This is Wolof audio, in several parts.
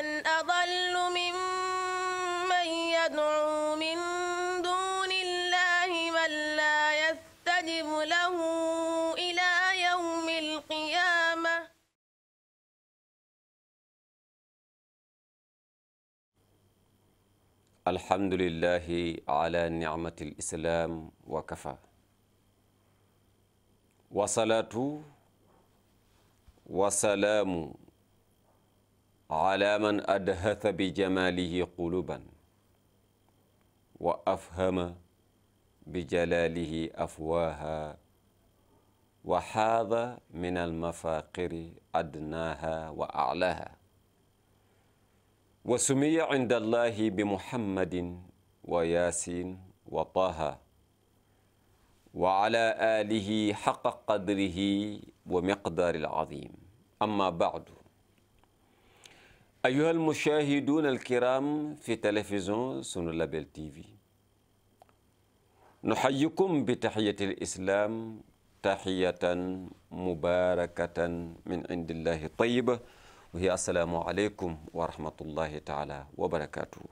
من أضل ممن يدعو من دون الله من لا يستجب له إلى يوم القيامة الحمد لله على نعمة الإسلام وكفى وصلاة وسلام ala man adhatha bi jamalihi quluban wa afhama bi jalalihi afwaha wa haada min almafaqiri adnaha wa alaha wa sumiya inda allahi bi muhammadin wa yasin wa taha wa ala alihi xaqa qadrihi wa miqdaari alazim amma baadu ayuhal mushaahiduuna alkiram fi télévision sunu label tv nuxayikum bi taxiyati lislaam taxiyatan mubarakatan min indillahi tayiba wa hiya assalaamu aleykum wa rahmatullahi taala wa barakatuhu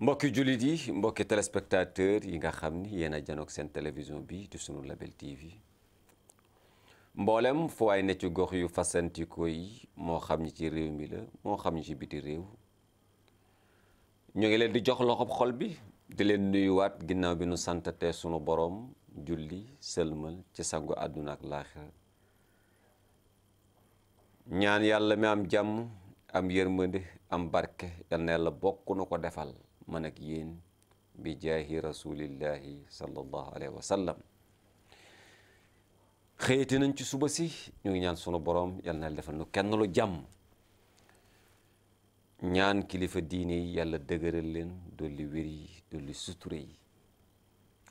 mbokki jullit yi mbokki téléspectateur yi nga xam ni yéen a janoog seen télévision bi di sunu label tv mboolem fu waay ne ci gox yu fasantikoo yi moo xam ñi ci réew mi la moo xam ñi ci biti réew ñoo ngi leen di jox loxob xol bi di leen nuyuwaat ginnaaw bi nu santate sunu boroom julli sëlmal ci sangu àdduna ak laaxira ñaan yàlla mi am jàmm am yërmande am barke yal na yàlla bokk nu ko defal man ak yéen bi jaahi rasulillahi sallallahu alayhi wa xëyati nañ ci suba si ñu ngi ñaan sunu borom yal na defal nu kenn lu jàmm ñaan kilifa diine yi yàlla dëgëral leen dolli wér yi dolli suture yi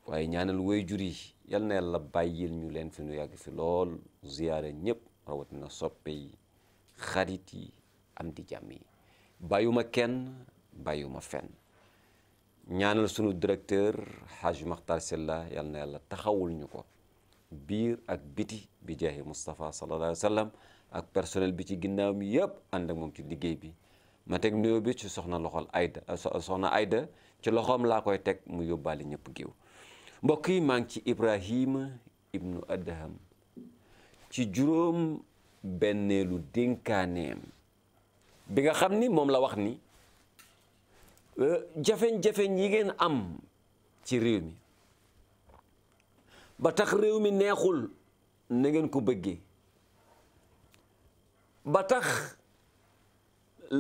waaye ñaanal waajur yi yal na yàlla bàyyil ñu leen fi nu yàgg fi lool ziyaara ñëpp rawatina soppe yi xarit yi am di jàmm yi bàyyuma kenn bàyyuma fenn ñaanal sunu directeur Haj Makhtar Sylla yàlla taxawul ñu ko biir ak biti bi jaahi Moustapha sallallahu alayhi ak personnel bi ci ginnaaw mi yëpp ànd ak moom ci liggéey bi ma teg nuyoo bi ci soxna loxol Ayda soxna Ayda ci loxoom laa koy teg mu yóbbaale ñëpp géew mbokk yi maa ngi ci Ibrahima ibnu Adham ci juróom benneelu dénkaaneem bi nga xam ni moom la wax ni euh, jafeñ-jafeñ yi ngeen am ci réew mi ba tax réew mi neexul na ngeen ko bëggee ba tax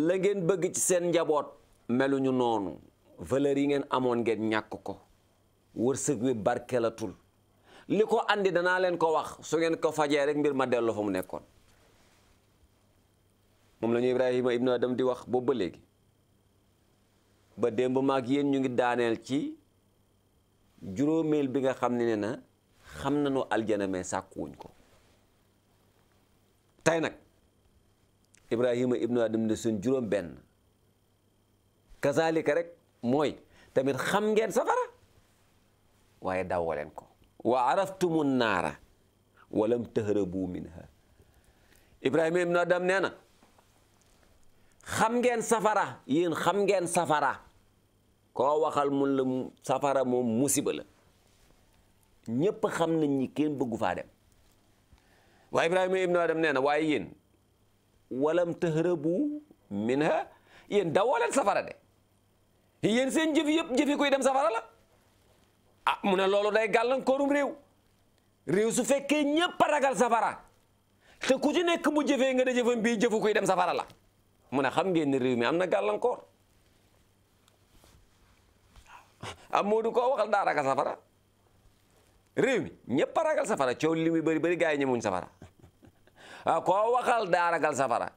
la ngeen bëgg ci seen njaboot meluñu noonu valeur yi ngeen amoon ngeen ñàkk ko wërsëg wi barkelatul li ko andi danaa leen ko wax su ngeen ko fajee rek mbir ma delloo fa mu nekkoon moom lañuy ñu Ibrahima ibnu Adam di wax boobu ba léegi ba démb maag yéen ñu ngi daaneel ci juróomeel bi nga xam ni ne na xam nañu aljana mais sàkkuwuñ ko tey nag ibrahima ibnu adam ne suñ juróom benn kazalika rek mooy tamit xam ngeen safara waaye dawwa leen ko wa araftumu naara walam tahrabu minha ibrahima ibnu adam nee na xam ngeen safara yéen xam ngeen safara ko waxal mun la safara moom musiba la ñëpp xam nañ ni kenn bëggu faa dem waaye Ibrahima ibnu Adam nee na waaye yéen walam tahrabu minha yéen dawoo leen safara de yéen seen jëf yëpp jëfi koy dem safara la a ah, mu ne loolu day gàllankoorum réew réew su fekkee ñëpp ragal safara te ku ci nekk bu jëfee nga da jëfam bii jëfu koy dem safara la mu ne xam ngeen ni réew mi am na gàllankoor am ah, moo du ko waxal daa ragal safara réew mi ñëpp a ragal safara coow li muy bëri bëri gars safara waaw ah, koo waxal daa ragal safara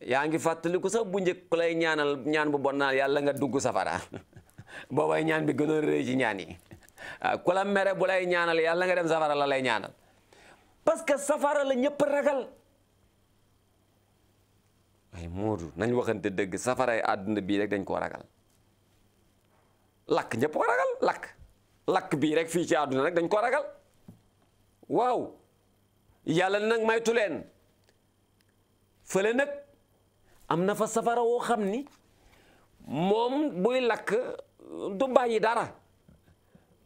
yaa ngi fàttaliku sax bu njëkk ku lay ñaanal ñaan bu bon naan yàlla nga dugg safara boobay ñaan bi gënoon ah, la ñaanal yàlla nga dem safara la lay ñaanal parce que safara la ñëpp ragal ay moodu nañ waxante dëgg safara yi àdduna bii rek dañ koo ragal lakk ñëpp ragal lakk lakk bii rek fii ci àdduna nag dañ koo ragal waaw yàlla nag maytu leen fële nag am na fa safara woo xam ni moom buy lakk du bàyyi dara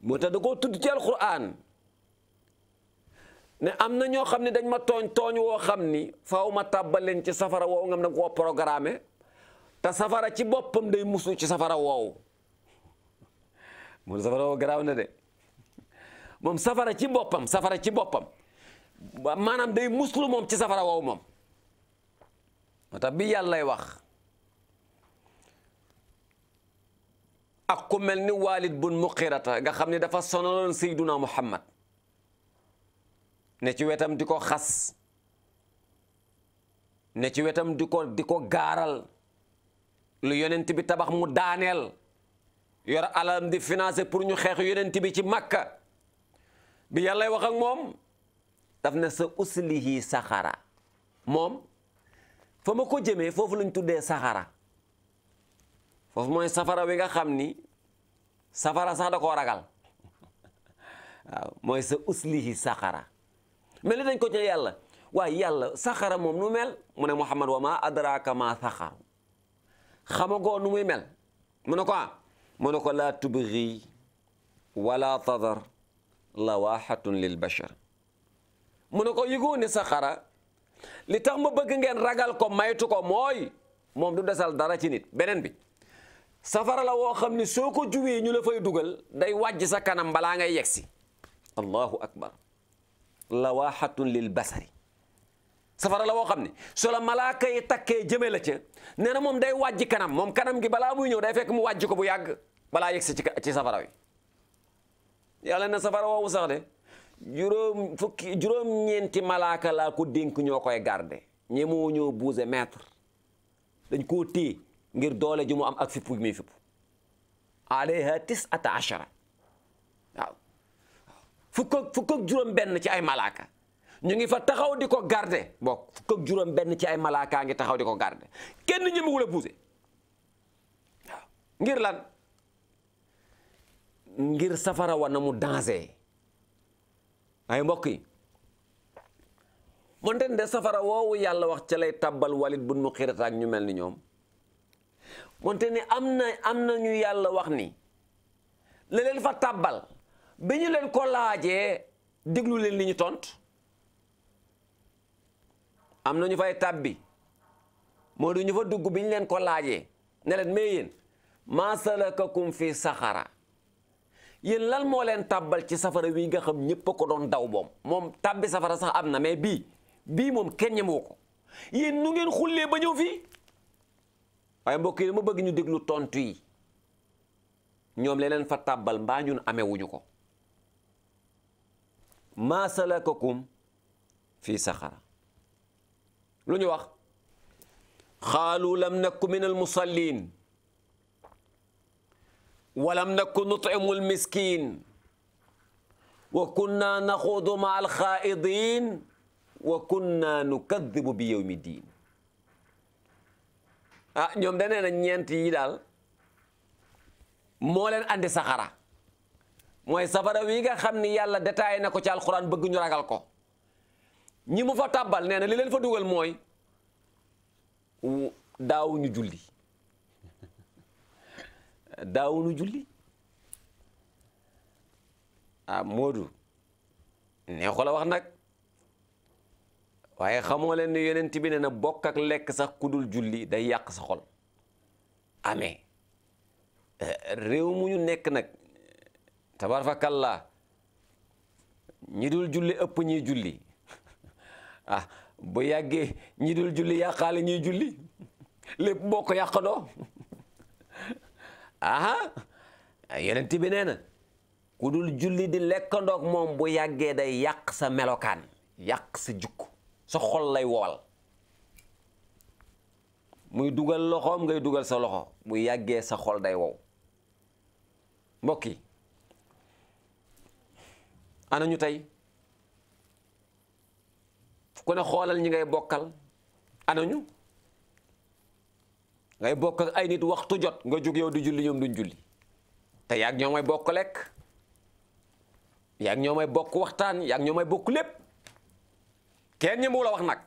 moo tax da koo tudd ci alquran ne am na ñoo xam ne dañ ma tooñ tooñ woo xam ni faaw ma tàbbal leen ci safara woowu ngam na koo programme te safara ci boppam day musu ci safara woowu moom safara woo garaaw de moom safara ci boppam safara ci boppam maanaam day muslu moom ci safara woowu moom moo tax bi yàllay wax ak ku mel ni Walid bun Muqirata nga xam ni dafa sonaloon Seyduna Muhammad ne ci wetam di ko xas ne ci wetam di ko di ko gaaral lu yonent bi tabax mu daaneel yor alalam di financé pour ñu xeex yu yonent bi ci makka bi yàlla wax ak moom daf na sa uslihi saxara moom fa ma ko jëmee foofu lañ tuddee saxara foofu mooy safara wi nga xam ni safara sax da koo ragal mooy sa uslihi saxara mais li dañ ko ci yàlla waaye yàlla saxara moom nu mel mu ne Muhammad wa ma adraka ma saxaru xamagoo nu muy mel mu ne ko ah, mu ne ko laa tubgi wala tadar lawaaxatun lil bashar mu ne ko yëgoo ne saxara li tax ma bëgg ngeen ragal ko maytu ko mooy moom du desal dara ci nit beneen bi safara la woo xam ni soo ko juwee ñu la fay dugal day wàjj sa kanam balaa ngay yegsi allahu akbar lawaaxatun lil basari safara la woo xam ne so la malaaka yi takkee jëme la ca nee na moom day wàjji kanam moom kanam gi balaa muy ñëw day fekk mu wàjji ko bu yàgg balaa yegsi ci ci safara wi yàlla na safara woowu sax de juróom fukki juróom-ñeenti malaaka laa ko dénk ñoo koy garde ñe moo ñoo buuse maître dañ koo téye ngir doole ji mu am ak fipp mi fipp alayha tisata achara waaw fukk ak juróom benn ci ay malaaka ñu ngi fa taxaw di ko garde boo fukk juróom benn ci ay malaakaa ngi taxaw di ko garde kenn ñemewul a poussé waaw ngir lan ngir safara wa na mu danger ay mbokk yi moonte de safara woowu yàlla wax ca lay tabbal walit bu nu xirat ak ñu mel ni ñoom moonte ni am na am na ñu yàlla wax nii la leen fa tabbal bi ñu leen ko laajee déglu leen li ñu tont am na ñu fay tàbbi moo du ñu fa dugg bi ñu leen ko laajee ne leen mais yéen maa salakakum fi saxara yéen lan moo leen tàbbal ci safara wi nga xam ñëpp a ko doon daw boom moom tàbbi safara sax am na mais bii bii moom kenn ñemoo ko yéen nu ngeen xullee ba ñëw fii waaye mbokk yi ma bëgg ñu déglu tontu yi ñoom leneen fa tàbbal mbaa ñun amewuñu ko maa salakakum fii saxara lu ñu wax xaalu lam nakku min almusallin walam nakku nutimu almiskin wa kunna naxuudu ma alxaaidin wa kunna nukadibu bi yowmi diin ah ñoom danee na ñeent yi daal moo leen andi saxara mooy safara wi nga xam ni yàlla détaillé na ko ci alquran bëgg ñu ragal ko ñi mu fa tàbbal nee na li leen fa dugal mooy daawuñu julli daawuñu julli ah Moodu neexu la wax nag waaye xamoo leen ne yonent bi ne na bokk ak lekk sax kudul julli day yàq sa xol amee eh, réew mu ñu nekk nag tabarfakallaa ñi dul julli ëpp ñi julli Ah, bu yàggee ñi dul julli yàqaale ñuy julli lépp moo ko yàqadoo aha yonent bi nee ku dul julli di lekkandoog moom bu yàggee day yàq sa melokaan yàq sa jukk sa xol lay wowal muy dugal loxoom ngay dugal sa loxo bu yàggee sa xol day wow mbokk yi ana ñu tey ku ne xoolal ñi ngay bokkal anañu ngay bokk ay nit waxtu jot nga jógew du di julli ñoom duñ julli te yaag ñoo may bokk lekk yaag ñoo may bokk waxtaan yaag ñoo may bokk lépp kenn ñi mu la wax nag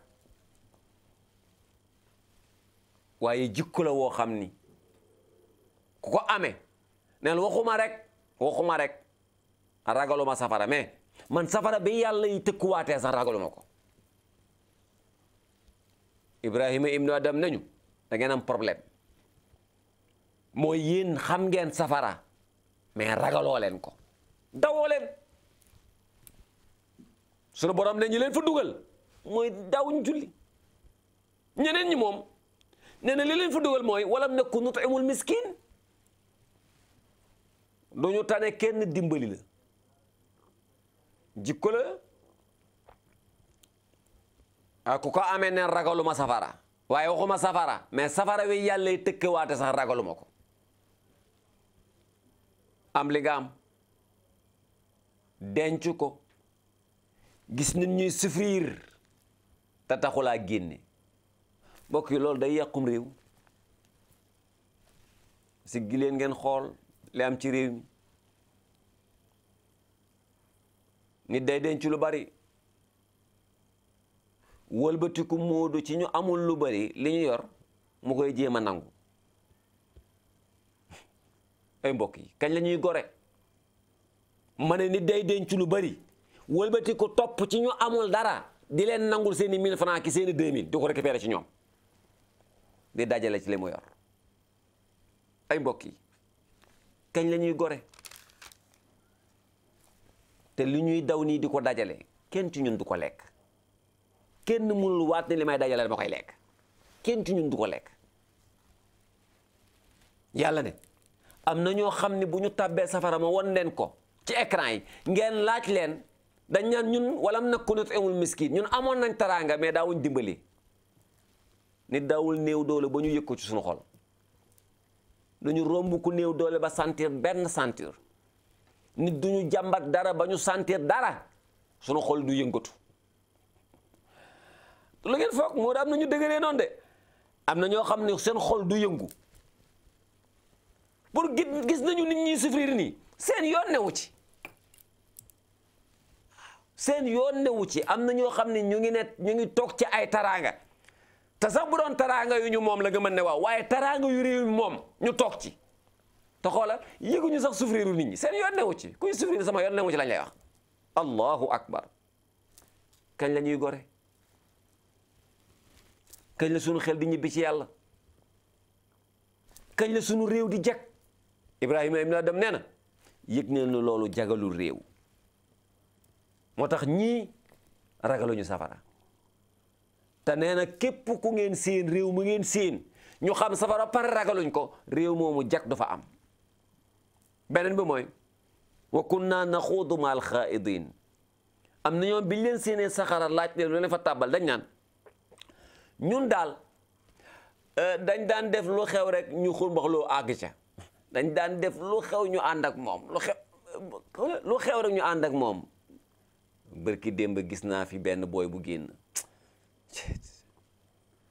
waaye jikko woo xam ni ku ko amee neen waxuma rek waxuma rek ragaluma safara mais man safara bi yàlla yi tëkkuwaatee sax ragaluma ko Ibrahima ibnu Adam nañu da ngeen am problème mooy yéen xam ngeen safara mais ragaloo leen ko dawoo leen sunu borom ne ñu leen fa dugal mooy dawuñ julli ñeneen ñi moom nee na li leen fa dugal mooy walam nekku nut'imul miskin duñu tane kenn dimbali la jikko la ku ko amee ne ma safara waaye ma safara mais safara wi yàlla tëkkawaate sax ragaluma ko am li nga am denc ko gis nit ñuy souffrir te taxulaa génne mbokk yi loolu day yàqum réew si gileen ngeen xool li am ci réew mi day denc lu bari wëlbatiku moodu ci ñu amul lu bari li ñu yor mu koy jéem a nangu ay mbokk yi kañ la ñuy gore ma ne nit day denc lu bari wëlbatiku topp ci ñu amul dara di leen nangul seeni mille francs ki seeni deux mille di ko récupérer ci ñoom di dajale ci li mu yor ay mbokk yi kañ la ñuy gore te li ñuy daw nii di ko dajale kenn ci ñun du ko lekk kenn mënul waat ne li may dajale dama koy lekk kenn ci ñun du ko lekk yàlla ne am na ñoo xam ne bu ñu tàbbee safara ma won leen ko ci écran yi ngeen laaj leen dañ naan ñun walam nag ku nut amul miskin ñun amoon nañ taraanga mais daawuñ dimbali ni daawul néew doole ba ñu yëg ko ci suñu xol duñu romb ku néew doole ba sentir benn sentir nit duñu jàmbat dara ba ñu sentir dara suñu xol du yëngatu lu ngeen foog moo da am na ñu dëgëree noon de am na ñoo xam ne seen xol du yëngu pour gis gis nañu nit ñuy souffrir nii seen yoon newu ci seen yoon newu ci am na ñoo xam ne ñu ngi ne ñu ngi toog ci ay taraanga te sax bu doon taraanga yu ñu moom la nga mën ne waaw waaye taraanga yu réew mi moom ñu toog ci ta te xoolal ñu sax souffrir nit ñi seen yoon newu ci kuy souffrir sama yoon newu ci lañ lay wax allahu akbar kañ la ñuy gore kañ la sunu xel di ñibbi ci yàlla kañ la sunu réew di jag Ibrahima ibn Adam nee na yëg ne loolu jagalul réew moo tax ñii ragaluñu safara te nee na képp ku ngeen séen réew mu ngeen séen ñu xam safara par ragaluñ ko réew moomu jag du fa am beneen bi mooy wa kunna naxuudu maal xaa'idiin am na ñoom biñ leen séenee saxara laaj leen lu leen fa tàbbal dañ naan ñun daal euh, dañ daan def lu xew rek ñu xurmbax loo àgg ca dañ daan def lu xew ñu ànd ak moom lu xew rek ñu ànd ak moom bërki démb gis naa fi benn booy bu génn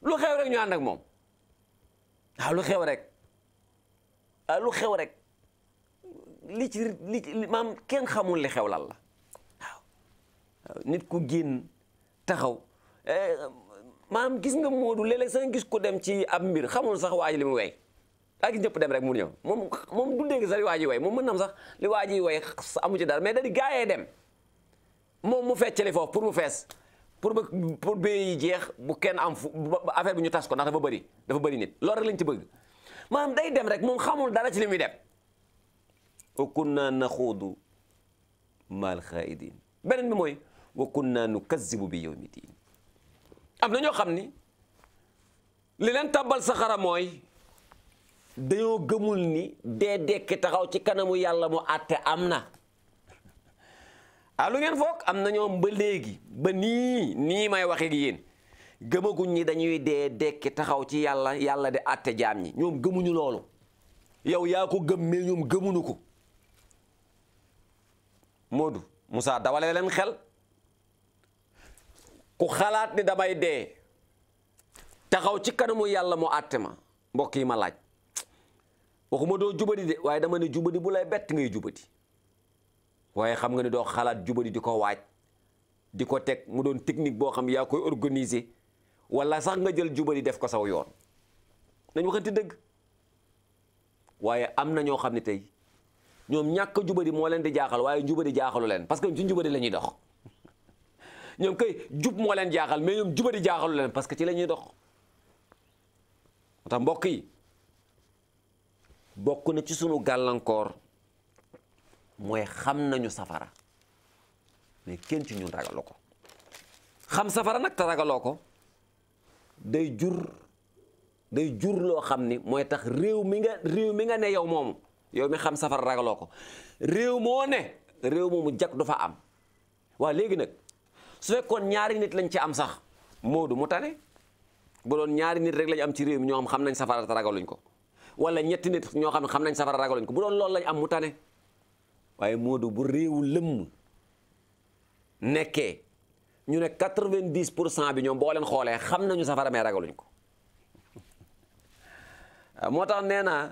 lu xew rek ñu ànd ak moom waaw lu xew rek ah lu xew rek li ci li maam kenn xamul li xew lan la waaw nit ku génn taxaw eh, maam gis nga Modou léeg-léeg sax gis ko dem ci ab mbir xamul sax waa ji li mu wey daa gis ñëpp dem rek mu ñëw moom moom du dégg sax li waa ji wey moom mën nam sax li waa ji wey amu ci dara mais da di gaayee dem moom mu feccali foofu pour mu fees pour ba pour béy jeex bu kenn am fu affaire bi ñu tas ko ndax dafa bëri dafa bëri nit loolu rek lañ ci bëgg maam day dem rek moom xamul dara ci li muy dem wa kunna naxuudu maal xaaidiin beneen bi mooy wa kunna nukazzibu bi yawmi diin am na ñoo xam ni li leen tàbbal saxara mooy dañoo gëmul ni dee dekki taxaw ci kanamu yàlla mu àtte am na ah ngeen foog am na ñoom ba léegi ba nii nii may waxee ak yéen gëmaguñ ñi dañuy dee dekki taxaw ci yàlla yàlla di àtte jaam yi ñoom gëmuñu loolu yow yaa ko gëm mais ñoom gëmuñu ko Modou Moussa dawale leen xel ku xalaat ni damay dee taxaw ci kanamu yàlla mu àtte ma mbokk yi ma laaj waxuma doo jubadi de waaye dama ne jubadi bu lay bett ngay jubadi waaye xam nga ne doo xalaat jubadi di ko waaj di ko teg mu doon technique boo xam yaa koy organiser wala sax nga jël jubadi def ko saw yoon nañ waxante dëgg waaye am na ñoo xam ne tey ñoom ñàkk jubadi moo leen di jaaxal waaye jubadi jaaxalu leen parce que ci jubadi la dox ñoom kay jub moo leen jaaxal mais ñoom jubadi jaaxalu leen parce que ci la ñuy dox tax mbokk yi bokk na ci sunu gàllankoor mooy xam nañu safara mais kenn ci ñu ragaloo ko xam safara nag te ragaloo ko day jur day jur loo xam ni mooy tax réew mi nga mi nga ne yow moomu yow mi xam safara ragaloo ko réew moo ne réew moomu jag du fa am waa léegi nag su fekkoon ñaari nit lañ ci am sax Moodu mu tane bu doon ñaari nit rek lañ am ci réew mi ñoo xam xam nañ safara ragaluñ ko wala ñetti nit ñoo xam ne xam nañ safara ragaluñ ko bu doon loolu lañ am mu tane waaye Moodu bu réewu lëmm nekkee ñu ne quatre-vingt-dix pour cent bi ñoom boo leen xoolee xam nañu safara mais ragaluñ ko moo tax nee naa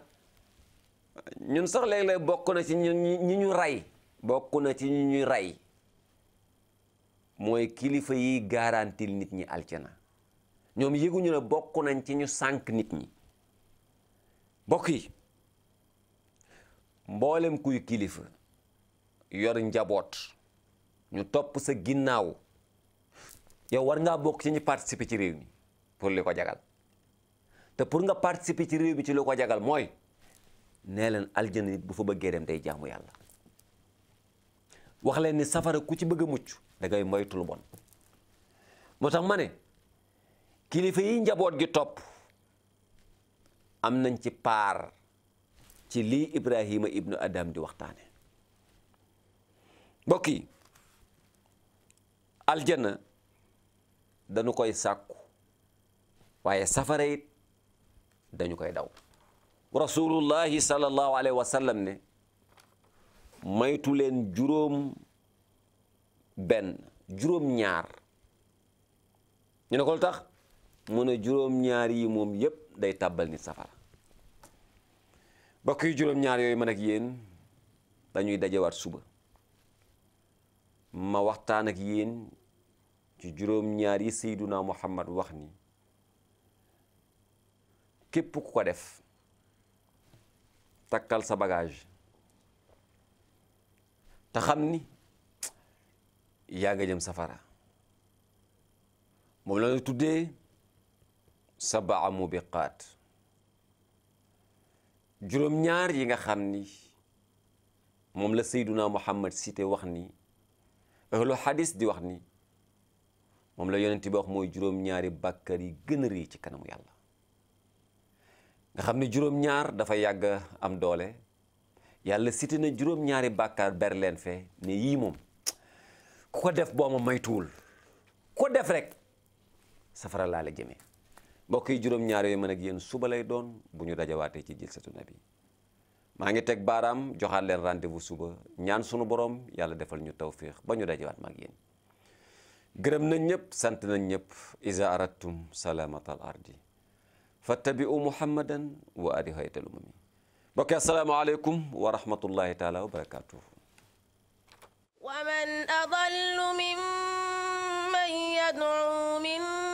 ñun sax léeg-léeg bokk na ci ñi ñu ray bokk na ci ñi ñuy rey mooy kilifa yi garantil nit ñi aljana ñoom yëguñu ne bokk nañ ci ñu sànk nit ñi bokk yi mboolem kuy kilifa yor njaboot ñu topp sa ginnaaw yow war ngaa bokk ci ñu participer ci réew mi pour li ko jagal te pour nga participer ci réew mi ci li ko jagal mooy nee leen aljana nit bu fa bëggee dem day jaamu yàlla wax leen ni safara ku ci bëgg a mucc da ngay moytu lu bon moo tax ma ne kilifa yi njaboot gi topp am nañ ci paar ci lii Ibrahima ibnu Adam di waxtaane mbokk yi aljana dañu koy sàkku waaye safara it dañu koy daw rasulullahi sallallahu alayhi wa ne maytu juróom benn juróom-ñaar ñu ne ko tax mu ne juróom-ñaar yi moom yépp day tàbbal nit safara bokk yi juróom-ñaar yooyu man ak yéen dañuy dajewaat suba ma waxtaan ak yéen ci juróom-ñaar yi Seyduna Muhammad wax ni képp ku ko def takkal sa bagage te xam ni yaa nga jëm safara moom la tuddee sabaa mubiqaat juróom-ñaar yi nga xam ni moom la sayduna muhammad site wax ni ahlu hadis di wax ni moom la yonent bi wax mooy juróom-ñaari bàkkar yi gën a ci kanamu yàlla nga xam ni juróom-ñaar dafa yàgg am doole yàlla cité na juróom-ñaari bàkkaar berleen fe ne yii moom ko def boo ma maytuwul ko def rek safara laa la jëmee mbokk yi juróom-ñaar yooyu mën ak suba lay doon bu ñu dajawaatee ci jilsatu nabi maa ngi teg baaraam joxaat leen rendez-vous suba ñaan sunu boroom yàlla defal ñu tawfiix ba ñu dajawaat mag yéen gërëm nañ ñëpp sant na ñëpp iza aradtum salamata al ardi fattabi'u muhammadan wa ali haytal umami mbokk asalaamaaleykum wa rahmatullahi taala wa barakatuhu ومن أضل ممن يدعو من